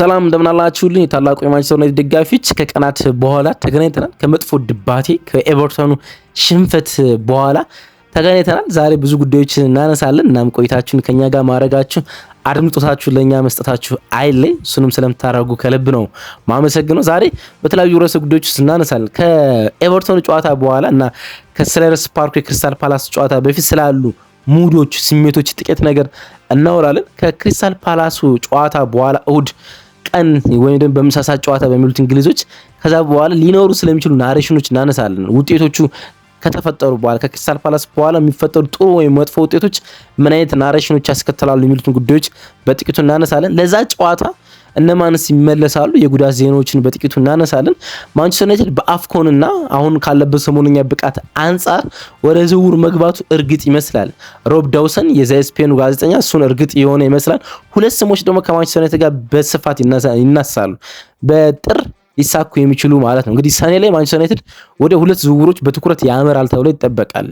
ሰላም እንደምናላችሁልኝ የታላቁ የማንቸስተር ዩናይትድ ደጋፊዎች፣ ከቀናት በኋላ ተገናኝተናል። ከመጥፎ ድባቴ ከኤቨርተኑ ሽንፈት በኋላ ተገናኝተናል። ዛሬ ብዙ ጉዳዮችን እናነሳለን። እናም ቆይታችሁን ከኛ ጋር ማድረጋችሁ አድምጦታችሁ ለእኛ መስጠታችሁ አይለይ። እሱንም ስለምታደረጉ ከልብ ነው ማመሰግነው። ዛሬ በተለያዩ ርዕሰ ጉዳዮች ውስጥ እናነሳለን። ከኤቨርተኑ ጨዋታ በኋላ እና ከሰልኸርስት ፓርኩ የክሪስታል ፓላስ ጨዋታ በፊት ስላሉ ሙዶች፣ ስሜቶች ጥቂት ነገር እናወራለን። ከክሪስታል ፓላሱ ጨዋታ በኋላ እሁድ ቀን ወይም ደግሞ በምሳሳ ጨዋታ በሚሉት እንግሊዞች ከዛ በኋላ ሊኖሩ ስለሚችሉ ናሬሽኖች እናነሳለን። ውጤቶቹ ከተፈጠሩ በኋላ ከክሪስታል ፓላስ በኋላ የሚፈጠሩ ጥሩ ወይም መጥፎ ውጤቶች ምን አይነት ናሬሽኖች ያስከትላሉ የሚሉትን ጉዳዮች በጥቂቱ እናነሳለን። ለዛ ጨዋታ እነማንስ ይመለሳሉ? የጉዳት ዜናዎችን በጥቂቱ እናነሳለን። ማንቸስተር ዩናይትድ በአፍኮን አሁን ካለበት ሰሞነኛ ብቃት አንጻር ወደ ዝውውር መግባቱ እርግጥ ይመስላል። ሮብ ዳውሰን የዘስፔኑ ጋዜጠኛ እሱን እርግጥ የሆነ ይመስላል። ሁለት ስሞች ደግሞ ከማንቸስተር ዩናይትድ ጋር በስፋት ይናሳሉ በጥር ሊሳኩ የሚችሉ ማለት ነው። እንግዲህ ሰኔ ላይ ማንቸስተር ዩናይትድ ወደ ሁለት ዝውውሮች በትኩረት ያመራል ተብሎ ይጠበቃል።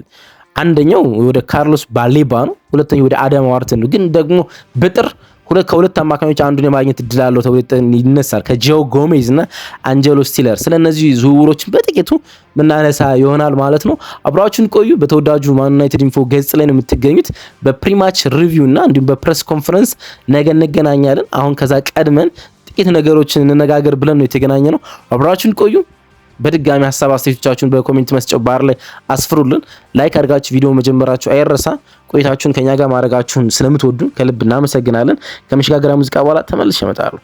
አንደኛው ወደ ካርሎስ ባሌባ ነው፣ ሁለተኛው ወደ አዳም ዋርተን ነው። ግን ደግሞ በጥር ከሁለት አማካኞች አንዱን የማግኘት እድል አለው ተብሎ ይነሳል። ከጂኦ ጎሜዝ እና አንጀሎ ስቲለር ስለነዚህ ዝውውሮችን በጥቂቱ ምናነሳ ይሆናል ማለት ነው። አብራችሁን ቆዩ። በተወዳጁ ማን ዩናይትድ ኢንፎ ገጽ ላይ ነው የምትገኙት። በፕሪማች ሪቪው እና እንዲሁም በፕሬስ ኮንፈረንስ ነገ እንገናኛለን። አሁን ከዛ ቀድመን ጥቂት ነገሮችን እንነጋገር ብለን ነው የተገናኘ ነው። አብራችሁን ቆዩ። በድጋሚ ሀሳብ አስተያየቶቻችሁን በኮሜንት መስጫው ባር ላይ አስፍሩልን። ላይክ አድርጋችሁ ቪዲዮ መጀመራችሁ አይረሳ። ቆይታችሁን ከኛ ጋር ማድረጋችሁን ስለምትወዱን ከልብ እናመሰግናለን። ከመሸጋገሪያ ሙዚቃ በኋላ ተመልሼ እመጣለሁ።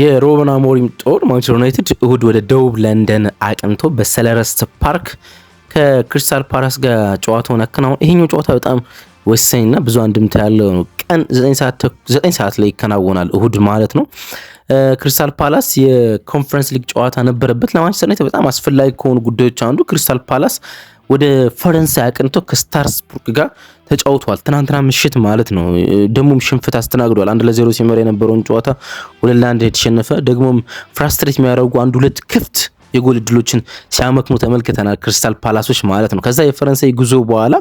የሮበን አሞሪም ጦር ማንቸስተር ዩናይትድ እሁድ ወደ ደቡብ ለንደን አቅንቶ በሰለረስት ፓርክ ከክሪስታል ፓላስ ጋር ጨዋታውን አከናውን። ይሄኛው ጨዋታ በጣም ወሳኝና ብዙ አንድምታ ያለው ነው። ቀን ዘጠኝ ሰዓት ላይ ይከናወናል፣ እሁድ ማለት ነው። ክሪስታል ፓላስ የኮንፈረንስ ሊግ ጨዋታ ነበረበት። ለማንቸስተር ዩናይትድ በጣም አስፈላጊ ከሆኑ ጉዳዮች አንዱ ክሪስታል ፓላስ ወደ ፈረንሳይ አቅንቶ ከስታርስቡርግ ጋር ተጫውቷል። ትናንትና ምሽት ማለት ነው። ደግሞም ሽንፈት አስተናግዷል። አንድ ለዜሮ ሲመራ የነበረውን ጨዋታ ሁለት ለአንድ የተሸነፈ ደግሞም ፍራስትሬት የሚያደርጉ አንድ ሁለት ክፍት የጎል እድሎችን ሲያመክኑ ተመልክተናል። ክሪስታል ፓላሶች ማለት ነው። ከዛ የፈረንሳይ ጉዞ በኋላ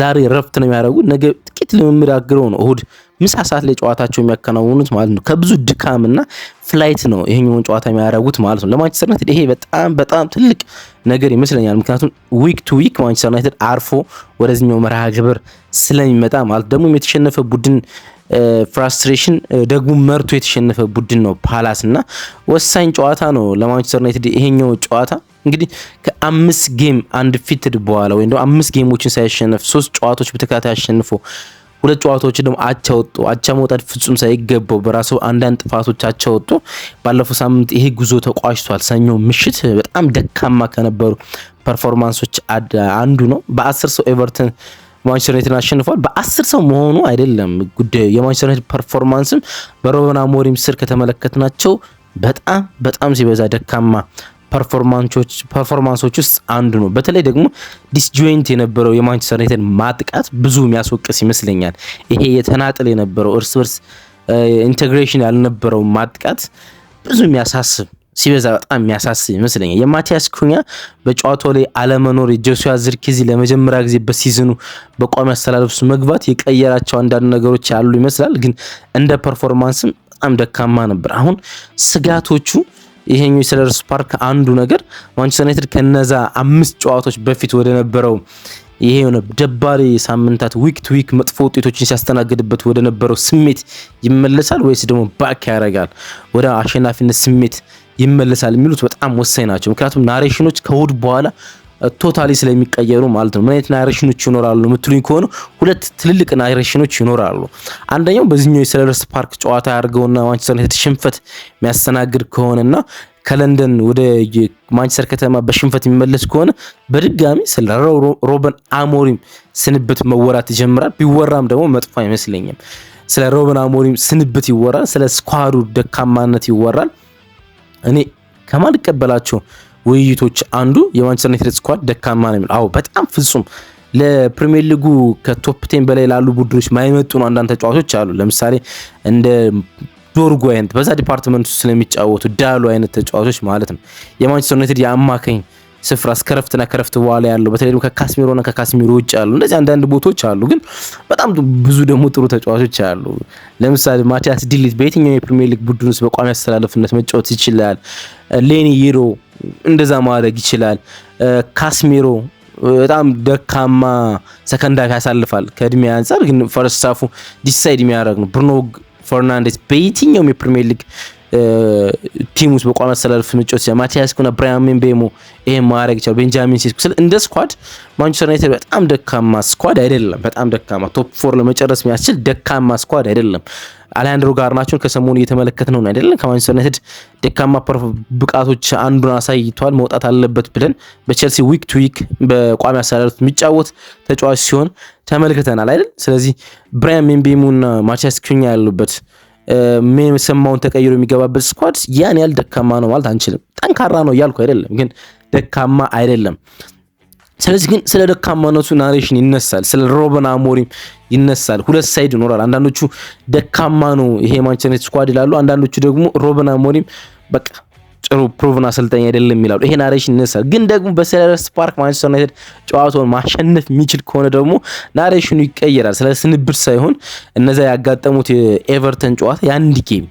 ዛሬ ረፍት ነው የሚያደርጉት። ነገ ጥቂት ልምምድ አግረው ነው እሁድ ምሳ ሰዓት ላይ ጨዋታቸው የሚያከናውኑት ማለት ነው። ከብዙ ድካምና ፍላይት ነው ይሄኛውን ጨዋታ የሚያደርጉት ማለት ነው። ለማንቸስተር ዩናይትድ ይሄ በጣም በጣም ትልቅ ነገር ይመስለኛል። ምክንያቱም ዊክ ቱ ዊክ ማንቸስተር ዩናይትድ አርፎ ወደዚህኛው መርሃ ግብር ስለሚመጣ ማለት ደግሞ የተሸነፈ ቡድን ፍራስትሬሽን ደግሞ መርቶ የተሸነፈ ቡድን ነው ፓላስ እና ወሳኝ ጨዋታ ነው ለማንቸስተር ዩናይትድ ይሄኛው ጨዋታ እንግዲህ ከአምስት ጌም አንድ ፊትድ በኋላ ወይም ደግሞ አምስት ጌሞችን ሳያሸነፍ ሶስት ጨዋታዎች በተከታታይ አሸንፎ ሁለት ጨዋታዎች ደግሞ አቻ ወጡ። አቻ መውጣት ፍጹም ሳይገባው በራሱ አንዳንድ ጥፋቶች አቻ ወጡ። ባለፈው ሳምንት ይሄ ጉዞ ተቋጭቷል። ሰኞ ምሽት በጣም ደካማ ከነበሩ ፐርፎርማንሶች አንዱ ነው። በአስር ሰው ኤቨርተን ማንቸስተር ዩናይትድ አሸንፏል። በአስር ሰው መሆኑ አይደለም ጉዳዩ። የማንቸስተር ዩናይትድ ፐርፎርማንስም በሩበን አሞሪም ስር ከተመለከትናቸው በጣም በጣም ሲበዛ ደካማ ፐርፎርማንሶች ውስጥ አንዱ ነው። በተለይ ደግሞ ዲስጆይንት የነበረው የማንቸስተር ዩናይትድ ማጥቃት ብዙ የሚያስወቅስ ይመስለኛል። ይሄ የተናጥል የነበረው እርስ በርስ ኢንቴግሬሽን ያልነበረው ማጥቃት ብዙ የሚያሳስብ ሲበዛ በጣም የሚያሳስብ ይመስለኛል። የማቲያስ ኩኛ በጨዋታው ላይ አለመኖር የጆሲያ ዝርኪዚ ለመጀመሪያ ጊዜ በሲዝኑ በቋሚ አስተላለፍሱ መግባት የቀየራቸው አንዳንድ ነገሮች ያሉ ይመስላል። ግን እንደ ፐርፎርማንስም በጣም ደካማ ነበር። አሁን ስጋቶቹ ይሄኛው የሴልኸርስት ፓርክ አንዱ ነገር ማንቸስተር ዩናይትድ ከነዛ አምስት ጨዋታዎች በፊት ወደ ነበረው ይሄ የሆነ ደባሪ ሳምንታት ዊክ ቱ ዊክ መጥፎ ውጤቶችን ሲያስተናግድበት ወደ ነበረው ስሜት ይመለሳል ወይስ ደግሞ ባክ ያደርጋል ወደ አሸናፊነት ስሜት ይመለሳል የሚሉት በጣም ወሳኝ ናቸው። ምክንያቱም ናሬሽኖች ከእሁድ በኋላ ቶታሊ ስለሚቀየሩ ማለት ነው። ምን አይነት ናሬሽኖች ይኖራሉ የምትሉኝ ከሆነ ሁለት ትልልቅ ናሬሽኖች ይኖራሉ። አንደኛው በዚህኛው የሴልኸርስት ፓርክ ጨዋታ ያደርገውና ማንቸስተር ዩናይትድ ሽንፈት የሚያስተናግድ ከሆነና ከለንደን ወደ ማንቸስተር ከተማ በሽንፈት የሚመለስ ከሆነ በድጋሚ ስለ ሮበን አሞሪም ስንብት መወራት ይጀምራል። ቢወራም ደግሞ መጥፎ አይመስለኝም። ስለ ሮበን አሞሪም ስንብት ይወራል። ስለ ስኳዱ ደካማነት ይወራል። እኔ ከማልቀበላቸው ውይይቶች አንዱ የማንቸስተር ዩናይትድ ስኳድ ደካማ ነው አዎ በጣም ፍጹም ለፕሪሚየር ሊጉ ከቶፕ ቴን በላይ ላሉ ቡድኖች ማይመጡ ነው አንዳንድ ተጫዋቾች አሉ። ለምሳሌ እንደ ዶርጉ አይነት በዛ ዲፓርትመንት ስለሚጫወቱ ዳሉ አይነት ተጫዋቾች ማለት ነው። የማንቸስተር ዩናይትድ የአማካኝ ስፍራ እስከ ረፍትና ከረፍት በኋላ ያለው በተለይ ከካስሚሮና ከካስሚሮ ውጭ አሉ እንደዚህ አንዳንድ ቦታዎች አሉ። ግን በጣም ብዙ ደግሞ ጥሩ ተጫዋቾች አሉ። ለምሳሌ ማቲያስ ዲሊት በየትኛው የፕሪሚየር ሊግ ቡድን ውስጥ በቋሚ አስተላለፍነት መጫወት ይችላል። ሌኒ ይሮ እንደዛ ማድረግ ይችላል። ካስሚሮ በጣም ደካማ ሰከንዳፊ ያሳልፋል ከእድሜ አንጻር ግን ፈርስት ሃፉ ዲሳይድ የሚያደርግ ነው። ብሩኖ ፈርናንዴስ በየትኛውም የፕሪሚየር ሊግ ቲም ውስጥ በቋሚ አሰላለፍ መጫወት ይችላል። ማቲያስ ኩና፣ ብራያን ምቤሞ ይሄን ማድረግ ይችላል። ቤንጃሚን ሴስኮ ስለ እንደ ስኳድ ማንቸስተር ዩናይትድ በጣም ደካማ ስኳድ አይደለም። በጣም ደካማ ቶፕ ፎር ለመጨረስ የሚያስችል ደካማ ስኳድ አይደለም። አሊያንድሮ ጋርናቾን ከሰሞኑ እየተመለከት ነው አይደለም። ከማንቸስተር ዩናይትድ ደካማ ብቃቶች አንዱን አሳይቷል። መውጣት አለበት ብለን በቸልሲ ዊክ ቱ ዊክ በቋሚ አሰላለፍ የሚጫወት ተጫዋች ሲሆን ተመልክተናል አይደል። ስለዚህ ብራያን ምቤሞና ማቲያስ ኩኛ ያሉበት ሰማውን ተቀይሮ የሚገባበት ስኳድ ያን ያህል ደካማ ነው ማለት አንችልም። ጠንካራ ነው እያልኩ አይደለም፣ ግን ደካማ አይደለም። ስለዚህ ግን ስለ ደካማነቱ ናሬሽን ይነሳል፣ ስለ ሮበን አሞሪም ይነሳል። ሁለት ሳይድ ይኖራል። አንዳንዶቹ ደካማ ነው ይሄ ማንቸስተር ስኳድ ይላሉ፣ አንዳንዶቹ ደግሞ ሮበን አሞሪም በቃ ጥሩ ፕሩቭን አሰልጣኝ አይደለም ይላሉ። ይሄ ናሬሽን ይነሳል። ግን ደግሞ በሴልኸርስት ፓርክ ማንቸስተር ዩናይትድ ጨዋታውን ማሸነፍ የሚችል ከሆነ ደግሞ ናሬሽኑ ይቀየራል። ስለ ስንብር ሳይሆን እነዛ ያጋጠሙት የኤቨርተን ጨዋታ የአንድ ጌም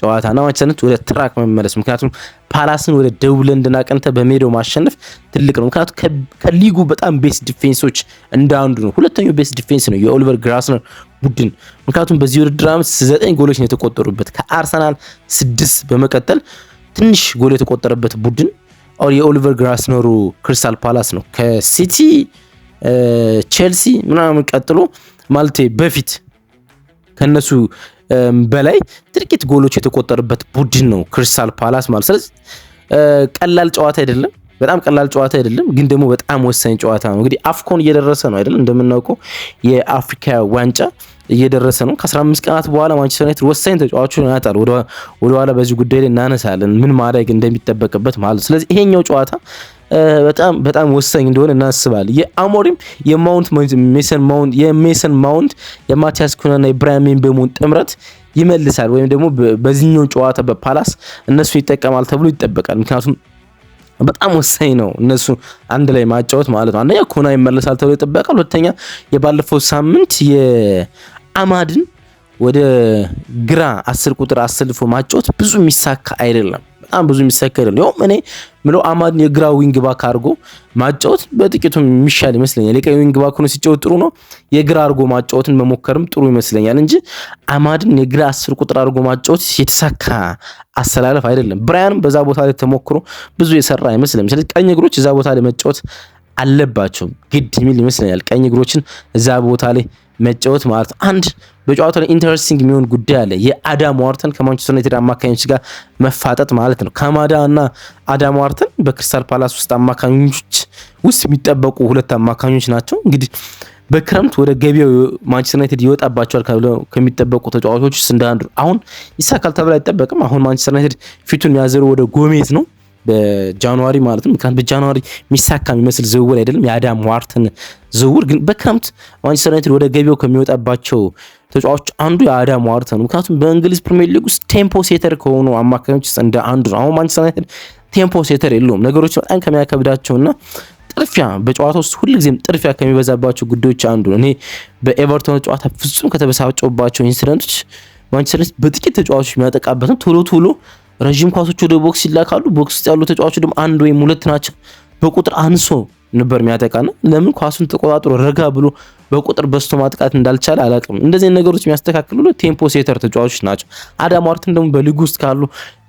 ጨዋታ ና ማንቸስተር ወደ ትራክ መመለስ ምክንያቱም ፓላስን ወደ ደቡብ ለንደን አቅንተ በሜዳው ማሸነፍ ትልቅ ነው። ምክንያቱም ከሊጉ በጣም ቤስት ዲፌንሶች እንዳንዱ ነው። ሁለተኛው ቤስት ዲፌንስ ነው የኦሊቨር ግራስነር ቡድን። ምክንያቱም በዚህ ውድድር አመት ዘጠኝ ጎሎች ነው የተቆጠሩበት ከአርሰናል ስድስት በመቀጠል ትንሽ ጎል የተቆጠረበት ቡድን የኦሊቨር ግላስነሩ ክሪስታል ፓላስ ነው። ከሲቲ ቼልሲ ምናምን ቀጥሎ ማለቴ በፊት ከነሱ በላይ ጥቂት ጎሎች የተቆጠረበት ቡድን ነው ክሪስታል ፓላስ ማለት። ስለዚህ ቀላል ጨዋታ አይደለም፣ በጣም ቀላል ጨዋታ አይደለም፣ ግን ደግሞ በጣም ወሳኝ ጨዋታ ነው። እንግዲህ አፍኮን እየደረሰ ነው አይደል? እንደምናውቀው የአፍሪካ ዋንጫ እየደረሰ ነው። ከ15 ቀናት በኋላ ማንቸስተር ዩናይትድ ወሳኝ ተጫዋቹን ያጣል። ወደኋላ በዚህ ጉዳይ ላይ እናነሳለን፣ ምን ማድረግ እንደሚጠበቅበት ማለት ነው። ስለዚህ ይሄኛው ጨዋታ በጣም በጣም ወሳኝ እንደሆነ እናስባለን። የአሞሪም የማውንት ሜሰን ማውንት የሜሰን ማውንት የማቲያስ ኩናና የብራያን ምቤሞን ጥምረት ይመልሳል ወይም ደግሞ በዚህኛው ጨዋታ በፓላስ እነሱ ይጠቀማል ተብሎ ይጠበቃል። ምክንያቱም በጣም ወሳኝ ነው እነሱ አንድ ላይ ማጫወት ማለት ነው። አንደኛ ኩና ይመለሳል ተብሎ ይጠበቃል። ሁለተኛ የባለፈው ሳምንት አማድን ወደ ግራ አስር ቁጥር አሰልፎ ማጫወት ብዙ የሚሳካ አይደለም። በጣም ብዙ የሚሳካ አይደለም። ያውም እኔ ምለው አማድን የግራ ዊንግ ባክ አድርጎ ማጫወት በጥቂቱ የሚሻል ይመስለኛል። የቀኝ ዊንግ ባክ ሆኖ ሲጫወት ጥሩ ነው። የግራ አድርጎ ማጫወትን መሞከርም ጥሩ ይመስለኛል እንጂ አማድን የግራ አስር ቁጥር አድርጎ ማጫወት የተሳካ አሰላለፍ አይደለም። ብራያንም በዛ ቦታ ላይ ተሞክሮ ብዙ የሰራ አይመስለም። ስለዚህ ቀኝ እግሮች እዛ ቦታ ላይ መጫወት አለባቸው ግድ የሚል ይመስለኛል። ቀኝ እግሮችን እዛ ቦታ ላይ መጫወት ማለት ነው። አንድ በጨዋታ ላይ ኢንተረስቲንግ የሚሆን ጉዳይ አለ። የአዳም ዋርተን ከማንቸስተር ዩናይትድ አማካኞች ጋር መፋጠጥ ማለት ነው። ካማዳ እና አዳም ዋርተን በክሪስታል ፓላስ ውስጥ አማካኞች ውስጥ የሚጠበቁ ሁለት አማካኞች ናቸው። እንግዲህ በክረምት ወደ ገቢያው ማንቸስተር ዩናይትድ ይወጣባቸዋል ከሚጠበቁ ተጫዋቾች ውስጥ እንደ አንዱ አሁን ይሳካል ተብሎ አይጠበቅም። አሁን ማንቸስተር ዩናይትድ ፊቱን ያዘሩ ወደ ጎሜዝ ነው። በጃንዋሪ ማለት ነው። ምክንያቱም በጃንዋሪ የሚሳካ የሚመስል ዝውውር አይደለም። የአዳም ዋርትን ዝውውር ግን በክረምት ማንቸስተር ዩናይትድ ወደ ገቢው ከሚወጣባቸው ተጫዋቾች አንዱ የአዳም ዋርት ነው። ምክንያቱም በእንግሊዝ ፕሪሚየር ሊግ ውስጥ ቴምፖ ሴተር ከሆኑ አማካኞች ውስጥ እንደ አንዱ ነው። አሁን ማንቸስተር ዩናይትድ ቴምፖ ሴተር የለውም። ነገሮች በጣም ከሚያከብዳቸውና ጥርፊያ በጨዋታ ውስጥ ሁልጊዜም ጥርፊያ ከሚበዛባቸው ጉዳዮች አንዱ ነው። እኔ በኤቨርቶን ጨዋታ ፍጹም ከተበሳጨውባቸው ኢንሲደንቶች ማንቸስተር ዩናይትድ በጥቂት ተጫዋቾች የሚያጠቃበት ነው ቶሎ ቶሎ ረዥም ኳሶች ወደ ቦክስ ይላካሉ። ቦክስ ውስጥ ያሉ ተጫዋቾች ደግሞ አንድ ወይም ሁለት ናቸው። በቁጥር አንሶ ነበር የሚያጠቃና ለምን ኳሱን ተቆጣጥሮ ረጋ ብሎ በቁጥር በዝቶ ማጥቃት እንዳልቻለ አላውቅም። እንደዚህ ነገሮች የሚያስተካክሉ ቴምፖ ሴተር ተጫዋቾች ናቸው። አዳም ዋርተን ደግሞ በሊግ ውስጥ ካሉ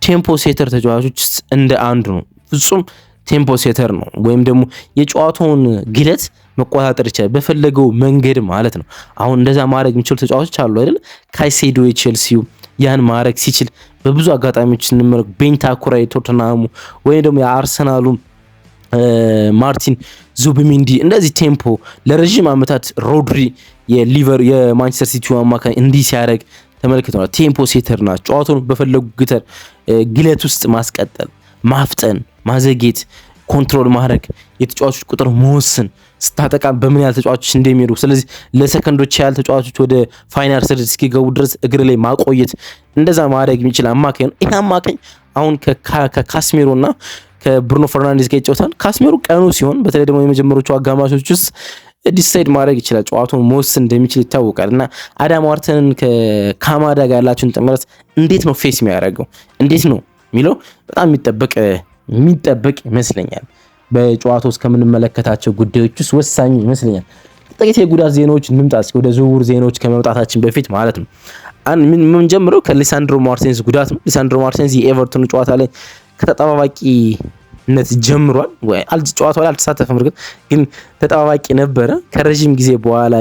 ቴምፖ ሴተር ተጫዋቾች እንደ አንዱ ነው ፍጹም ቴምፖ ሴተር ነው ወይም ደግሞ የጨዋታውን ግለት መቆጣጠር ይችላል በፈለገው መንገድ ማለት ነው። አሁን እንደዛ ማድረግ የሚችሉ ተጫዋቾች አሉ አይደል? ካይሴዶ የቼልሲው ያን ማድረግ ሲችል በብዙ አጋጣሚዎች ስንመለክ ቤንታኩራ የቶተናሙ ወይም ደግሞ የአርሰናሉ ማርቲን ዙብሚንዲ እንደዚህ ቴምፖ ለረዥም ዓመታት ሮድሪ የሊቨር የማንቸስተር ሲቲ አማካኝ እንዲህ ሲያደርግ ተመልክተናል። ቴምፖ ሴተር ናቸው። ጨዋታውን በፈለጉ ግተር ግለት ውስጥ ማስቀጠል ማፍጠን ማዘጌት፣ ኮንትሮል ማድረግ፣ የተጫዋቾች ቁጥር መወሰን፣ ስታጠቃ በምን ያህል ተጫዋቾች እንደሚሄዱ፣ ስለዚህ ለሰከንዶች ያህል ተጫዋቾች ወደ ፋይናል ስር እስኪገቡ ድረስ እግር ላይ ማቆየት፣ እንደዛ ማድረግ የሚችል አማካኝ ነው። ይህ አማካኝ አሁን ከካስሜሮ እና ከብሩኖ ፈርናንዴዝ ጋር ይጫወታል። ካስሜሮ ቀኑ ሲሆን፣ በተለይ ደግሞ የመጀመሮቹ አጋማሾች ውስጥ ዲሳይድ ማድረግ ይችላል። ጨዋታውን መወሰን እንደሚችል ይታወቃል። እና አዳም ዋርተንን ከካማዳ ጋር ያላቸውን ጥምረት እንዴት ነው ፌስ የሚያደርገው እንዴት ነው የሚለው በጣም የሚጠበቅ የሚጠበቅ ይመስለኛል። በጨዋታው ውስጥ ከምንመለከታቸው ጉዳዮች ውስጥ ወሳኝ ይመስለኛል። ጥቂት የጉዳት ዜናዎች እንምጣ እስኪ ወደ ዝውውር ዜናዎች ከመምጣታችን በፊት ማለት ነው። አን ምን ጀምረው ከሊሳንድሮ ማርቲንስ ጉዳት ነው። ሊሳንድሮ ማርቲንስ የኤቨርቶኑ ጨዋታ ላይ ከተጠባባቂነት ጀምሯል። ወይ ጨዋታው ላይ አልተሳተፈም፣ እርግጥ ግን ተጠባባቂ ነበረ። ከረዥም ጊዜ በኋላ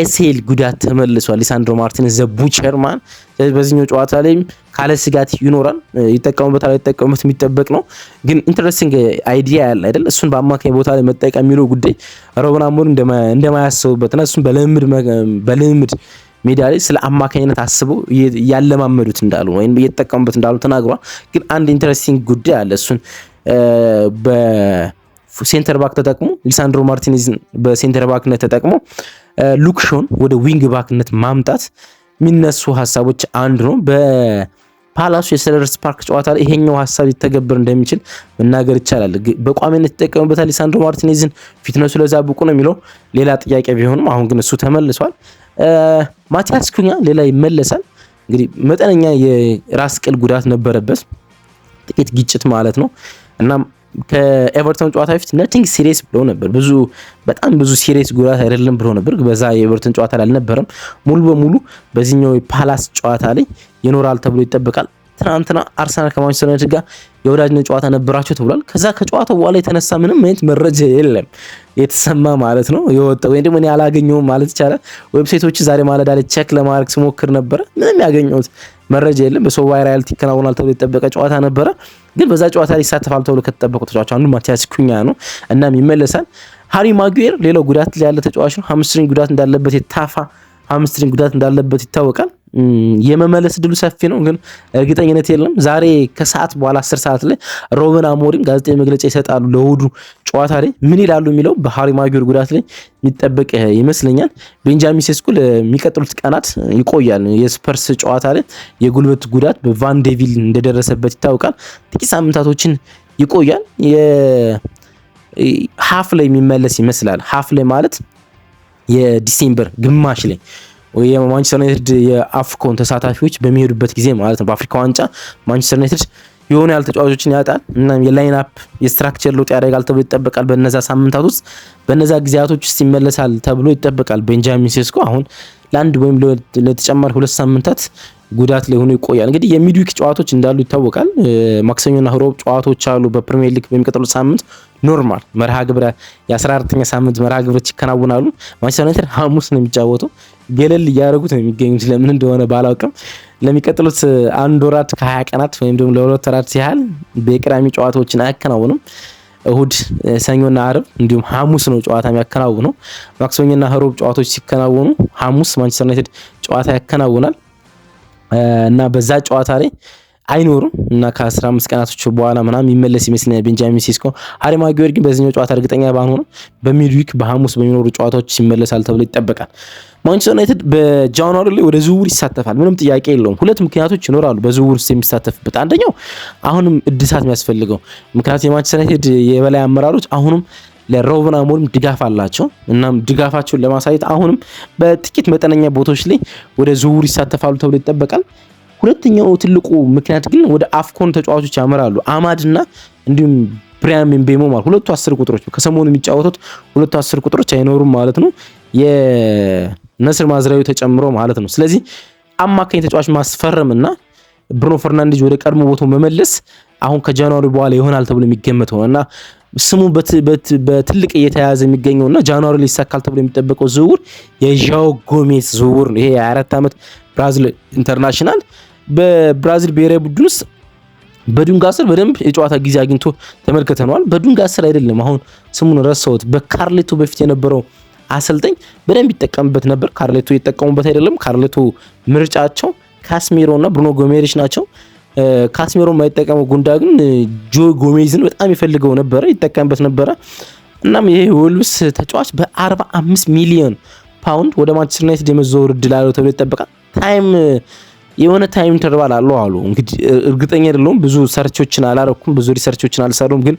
ኤስኤል ጉዳት ተመልሷል። ሊሳንድሮ ማርቲኔዝ ዘቡቸርማን ስለዚህ በዚህኛው ጨዋታ ላይም ካለ ስጋት ይኖራል። ይጠቀሙበት ይጠቀሙበት የሚጠበቅ ነው። ግን ኢንትረስቲንግ አይዲያ ያለ አይደል? እሱን በአማካኝ ቦታ ላይ መጠቀም የሚለው ጉዳይ ሮበን አሞሪም ና እሱን በልምድ ሜዳ ላይ ስለ አማካኝነት አስበው ያለማመዱት እንዳሉ ወይም እየተጠቀሙበት እንዳሉ ተናግሯል። ግን አንድ ኢንትረስቲንግ ጉዳይ አለ። እሱን በሴንተር ባክ ተጠቅሞ ሊሳንድሮ ማርቲኔዝን በሴንተር ባክነት ተጠቅሞ ሉክሾን ወደ ዊንግ ባክነት ማምጣት የሚነሱ ሀሳቦች አንዱ ነው። በፓላሱ የሰደርስ ፓርክ ጨዋታ ላይ ይሄኛው ሀሳብ ሊተገበር እንደሚችል መናገር ይቻላል። በቋሚነት ይጠቀሙበታል። ሊሳንድሮ ማርቲኔዝን ፊትነሱ ለዛ ብቁ ነው የሚለው ሌላ ጥያቄ ቢሆንም አሁን ግን እሱ ተመልሷል። ማቲያስ ኩኛ ሌላ ይመለሳል። እንግዲህ መጠነኛ የራስ ቅል ጉዳት ነበረበት፣ ጥቂት ግጭት ማለት ነው። እናም ከኤቨርተን ጨዋታ በፊት ነቲንግ ሲሪየስ ብሎ ነበር። ብዙ በጣም ብዙ ሲሪየስ ጉዳት አይደለም ብሎ ነበር። በዛ የኤቨርተን ጨዋታ ላይ አልነበረም። ሙሉ በሙሉ በዚህኛው የፓላስ ጨዋታ ላይ ይኖራል ተብሎ ይጠበቃል። ትናንትና አርሰናል ከማንቸስተር ዩናይትድ ጋር የወዳጅነት ጨዋታ ነበራቸው ተብሏል። ከዛ ከጨዋታው በኋላ የተነሳ ምንም አይነት መረጃ የለም የተሰማ ማለት ነው የወጣ ወይም ደግሞ እኔ አላገኘሁም ማለት ይቻላል። ዌብሳይቶች ዛሬ ማለዳ ላይ ቼክ ለማድረግ ሲሞክር ነበረ ምንም ያገኘሁት መረጃ የለም። በሰው በሶቫይራል ይከናወናል ተብሎ የተጠበቀ ጨዋታ ነበረ። ግን በዛ ጨዋታ ላይ ይሳተፋል ተብሎ ከተጠበቁ ተጫዋች አንዱ ማቲያስ ኩኛ ነው። እናም ይመለሳል። ሃሪ ማጉዌር ሌላው ጉዳት ላይ ያለ ተጫዋች ነው። ሃምስትሪንግ ጉዳት እንዳለበት የታፋ ሃምስትሪንግ ጉዳት እንዳለበት ይታወቃል። የመመለስ ድሉ ሰፊ ነው፣ ግን እርግጠኝነት የለም። ዛሬ ከሰዓት በኋላ አስር ሰዓት ላይ ሮበን አሞሪም ጋዜጣዊ መግለጫ ይሰጣሉ። ለውዱ ጨዋታ ላይ ምን ይላሉ የሚለው በሃሪ ማጊር ጉዳት ላይ የሚጠበቅ ይመስለኛል። ቤንጃሚን ሴስኩ ለሚቀጥሉት ቀናት ይቆያል። የስፐርስ ጨዋታ ላይ የጉልበት ጉዳት በቫን ዴቪል እንደደረሰበት ይታወቃል። ጥቂት ሳምንታቶችን ይቆያል። ሀፍ ላይ የሚመለስ ይመስላል። ሀፍ ላይ ማለት የዲሴምበር ግማሽ ላይ የማንቸስተር ዩናይትድ የአፍኮን ተሳታፊዎች በሚሄዱበት ጊዜ ማለት ነው በአፍሪካ ዋንጫ ማንቸስተር ዩናይትድ የሆኑ ያህል ተጫዋቾችን ያጣል እና የላይን አፕ የስትራክቸር ለውጥ ያደርጋል ተብሎ ይጠበቃል። በነዛ ሳምንታት ውስጥ በነዛ ጊዜያቶች ውስጥ ይመለሳል ተብሎ ይጠበቃል። ቤንጃሚን ሴስኮ አሁን ለአንድ ወይም ለተጨማሪ ሁለት ሳምንታት ጉዳት ላይ ሆኖ ይቆያል። እንግዲህ የሚድዊክ ጨዋታዎች እንዳሉ ይታወቃል። ማክሰኞና ሮብ ጨዋታዎች አሉ በፕሪሚየር ሊግ በሚቀጥሉት ሳምንት ኖርማል መርሃ ግብረ የ14ኛ ሳምንት መርሃ ግብሮች ይከናወናሉ። ማንቸስተር ዩናይትድ ሐሙስ ነው የሚጫወተው። ገለል እያደረጉት ነው የሚገኙት። ለምን እንደሆነ ባላውቅም ለሚቀጥሉት አንድ ወራት ከሀያ ቀናት ወይም ደግሞ ለሁለት ወራት ሲያህል በቅዳሜ ጨዋታዎችን አያከናውንም። እሁድ፣ ሰኞና አርብ እንዲሁም ሐሙስ ነው ጨዋታ የሚያከናውኑ። ማክሰኞና ህሮብ ጨዋታዎች ሲከናወኑ ሐሙስ ማንቸስተር ዩናይትድ ጨዋታ ያከናውናል እና በዛ ጨዋታ ላይ አይኖርም እና ከ15 ቀናቶች በኋላ ምናምን ይመለስ ይመስለኛል ቤንጃሚን ሴስኮ። አሪማ ጊዮርጊ በዚህኛው ጨዋታ እርግጠኛ ባንሆንም ዊክ በሐሙስ በሚኖሩ ጨዋታዎች ይመለሳል ተብሎ ይጠበቃል። ማንቸስተር ዩናይትድ በጃንዋሪ ላይ ወደ ዝውውር ይሳተፋል፣ ምንም ጥያቄ የለውም። ሁለት ምክንያቶች ይኖራሉ በዝውውር ውስጥ የሚሳተፍበት። አንደኛው አሁንም እድሳት የሚያስፈልገው ምክንያቱ የማንቸስተር ዩናይትድ የበላይ አመራሮች አሁንም ለሮብን አሞሪም ድጋፍ አላቸው። እናም ድጋፋቸውን ለማሳየት አሁንም በጥቂት መጠነኛ ቦታዎች ላይ ወደ ዝውውር ይሳተፋሉ ተብሎ ይጠበቃል። ሁለተኛው ትልቁ ምክንያት ግን ወደ አፍኮን ተጫዋቾች ያመራሉ። አማድ እና እንዲሁም ብሪያም ምቤሞ ማለት ሁለቱ አስር ቁጥሮች ከሰሞኑ የሚጫወቱት ሁለቱ አስር ቁጥሮች አይኖሩም ማለት ነው። የነስር ማዝራዊ ተጨምሮ ማለት ነው። ስለዚህ አማካኝ ተጫዋች ማስፈረም እና ብሩኖ ፈርናንዴዝ ወደ ቀድሞ ቦታው መመለስ አሁን ከጃንዋሪ በኋላ ይሆናል ተብሎ የሚገመተው እና ስሙ በትልቅ እየተያዘ የሚገኘው እና ጃንዋሪ ሊሳካል ተብሎ የሚጠበቀው ዝውውር የዣው ጎሜዝ ዝውውር ነው። ይሄ የአራት ዓመት ብራዚል ኢንተርናሽናል በብራዚል ብሔራዊ ቡድን ውስጥ በዱንጋ ስር በደንብ የጨዋታ ጊዜ አግኝቶ ተመልክተነዋል። በዱንጋ ስር አይደለም አሁን ስሙን ረሳሁት። በካርሌቶ በፊት የነበረው አሰልጣኝ በደንብ ይጠቀምበት ነበር። ካርሌቶ የጠቀሙበት አይደለም። ካርሌቶ ምርጫቸው ካስሜሮ እና ብሩኖ ጎሜሬሽ ናቸው። ካስሜሮ የማይጠቀመው ጉንዳ ግን ጆ ጎሜዝን በጣም ይፈልገው ነበረ፣ ይጠቀምበት ነበረ። እናም ይሄ ወልብስ ተጫዋች በ45 ሚሊዮን ፓውንድ ወደ ማንቸስተር ዩናይትድ የመዘወር እድል አለው ተብሎ ይጠበቃል ታይም የሆነ ታይም ኢንተርቫል አለው አሉ። እንግዲህ እርግጠኛ አይደለሁም፣ ብዙ ሰርቾችን አላረኩም፣ ብዙ ሪሰርቾችን አልሰሩም። ግን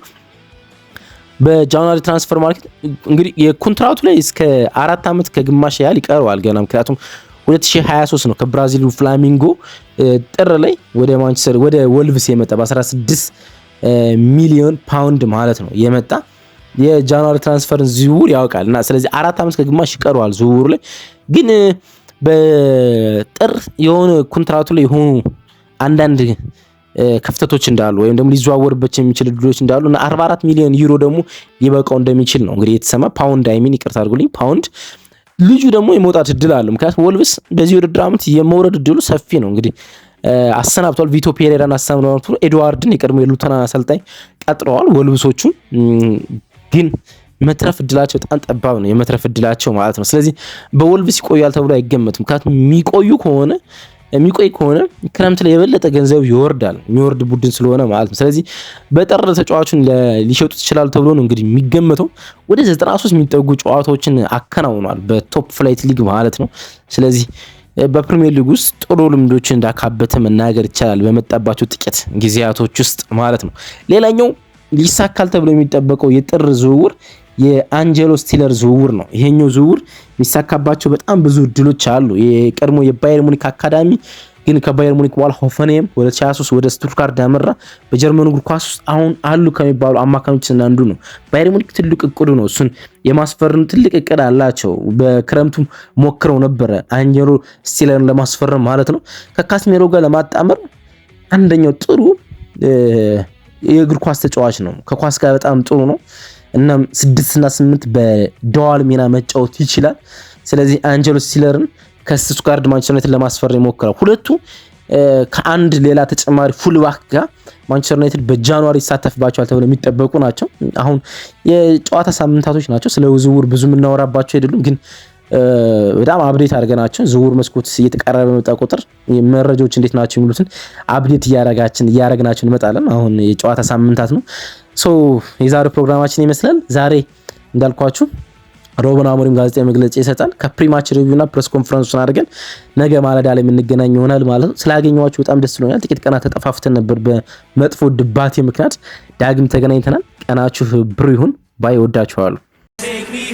በጃንዋሪ ትራንስፈር ማርኬት እንግዲህ የኮንትራቱ ላይ እስከ አራት ዓመት ከግማሽ ያህል ይቀረዋል ገና ምክንያቱም 2023 ነው ከብራዚሉ ፍላሚንጎ ጥር ላይ ወደ ማንቸስተር ወደ ወልቭስ የመጣ በ16 ሚሊዮን ፓውንድ ማለት ነው የመጣ የጃንዋሪ ትራንስፈርን ዝውውር ያውቃል እና ስለዚህ አራት ዓመት ከግማሽ ይቀረዋል ዝውውሩ ላይ ግን በጥር የሆነ ኮንትራቱ ላይ የሆኑ አንዳንድ ክፍተቶች እንዳሉ ወይም ደግሞ ሊዘዋወርበት የሚችል እድሎች እንዳሉ እና 44 ሚሊዮን ዩሮ ደግሞ ሊበቃው እንደሚችል ነው እንግዲህ የተሰማ ፓውንድ አይሚን ይቅርታ አድርጉልኝ ፓውንድ ልጁ ደግሞ የመውጣት እድል አለው። ምክንያቱም ወልብስ በዚህ ውድድር ዓመት የመውረድ እድሉ ሰፊ ነው። እንግዲህ አሰናብቷል። ቪቶ ፔሬራን አሰናብቷል። ኤድዋርድን የቀድሞ የሉተና አሰልጣኝ ቀጥረዋል ወልብሶቹ ግን መትረፍ እድላቸው በጣም ጠባብ ነው፣ የመትረፍ እድላቸው ማለት ነው። ስለዚህ በወልቭስ ይቆያል ተብሎ አይገመትም። ምክንያቱም የሚቆዩ ከሆነ የሚቆይ ከሆነ ክረምት ላይ የበለጠ ገንዘብ ይወርዳል፣ የሚወርድ ቡድን ስለሆነ ማለት ነው። ስለዚህ በጥር ተጫዋቹን ሊሸጡ ይችላሉ ተብሎ ነው እንግዲህ የሚገመተው። ወደ 93 የሚጠጉ ጨዋታዎችን አከናውኗል በቶፕ ፍላይት ሊግ ማለት ነው። ስለዚህ በፕሪሚየር ሊግ ውስጥ ጥሩ ልምዶችን እንዳካበተ መናገር ይቻላል፣ በመጣባቸው ጥቂት ጊዜያቶች ውስጥ ማለት ነው። ሌላኛው ሊሳካል ተብሎ የሚጠበቀው የጥር ዝውውር የአንጀሎ ስቲለር ዝውውር ነው። ይሄኛው ዝውውር የሚሳካባቸው በጣም ብዙ እድሎች አሉ። የቀድሞ የባየር ሙኒክ አካዳሚ ግን ከባየር ሙኒክ በኋላ ሆፈንሄም ወደ 23 ወደ ስቱትጋርት ያመራ በጀርመኑ እግር ኳስ ውስጥ አሁን አሉ ከሚባሉ አማካኞች አንዱ ነው። ባየር ሙኒክ ትልቅ እቅዱ ነው። እሱን የማስፈረም ትልቅ እቅድ አላቸው። በክረምቱ ሞክረው ነበረ አንጀሎ ስቲለርን ለማስፈረም ማለት ነው። ከካስሜሮ ጋር ለማጣመር አንደኛው ጥሩ የእግር ኳስ ተጫዋች ነው። ከኳስ ጋር በጣም ጥሩ ነው። እናም ስድስትና ስምንት በደዋል ሚና መጫወት ይችላል። ስለዚህ አንጀሎ ሲለርን ከስሱ ጋርድ ማንቸስተር ዩናይትድ ለማስፈር ይሞክራል። ሁለቱ ከአንድ ሌላ ተጨማሪ ፉልባክ ጋር ማንቸስተር ዩናይትድ በጃንዋሪ ይሳተፍባቸዋል ተብለው የሚጠበቁ ናቸው። አሁን የጨዋታ ሳምንታቶች ናቸው። ስለ ዝውውር ብዙ የምናወራባቸው አይደሉም፣ ግን በጣም አብዴት አድርገናቸው ዝውውር መስኮት እየተቀረበ መጣ ቁጥር መረጃዎች እንዴት ናቸው የሚሉትን አብዴት እያረጋችን እያረግናቸው እንመጣለን። አሁን የጨዋታ ሳምንታት ነው። ሶ የዛሬ ፕሮግራማችን ይመስላል። ዛሬ እንዳልኳችሁ ሮብን አሞሪም ጋዜጣዊ መግለጫ ይሰጣል። ከፕሪማች ሪቪውና ፕሬስ ኮንፈረንሱን አድርገን ነገ ማለዳ ላይ የምንገናኝ ይሆናል ማለት ነው። ስላገኘኋችሁ በጣም ደስ ብሎኛል። ጥቂት ቀናት ተጠፋፍተን ነበር በመጥፎ ድባቴ ምክንያት። ዳግም ተገናኝተናል። ቀናችሁ ብሩ ይሁን ባይ። ወዳችኋለሁ።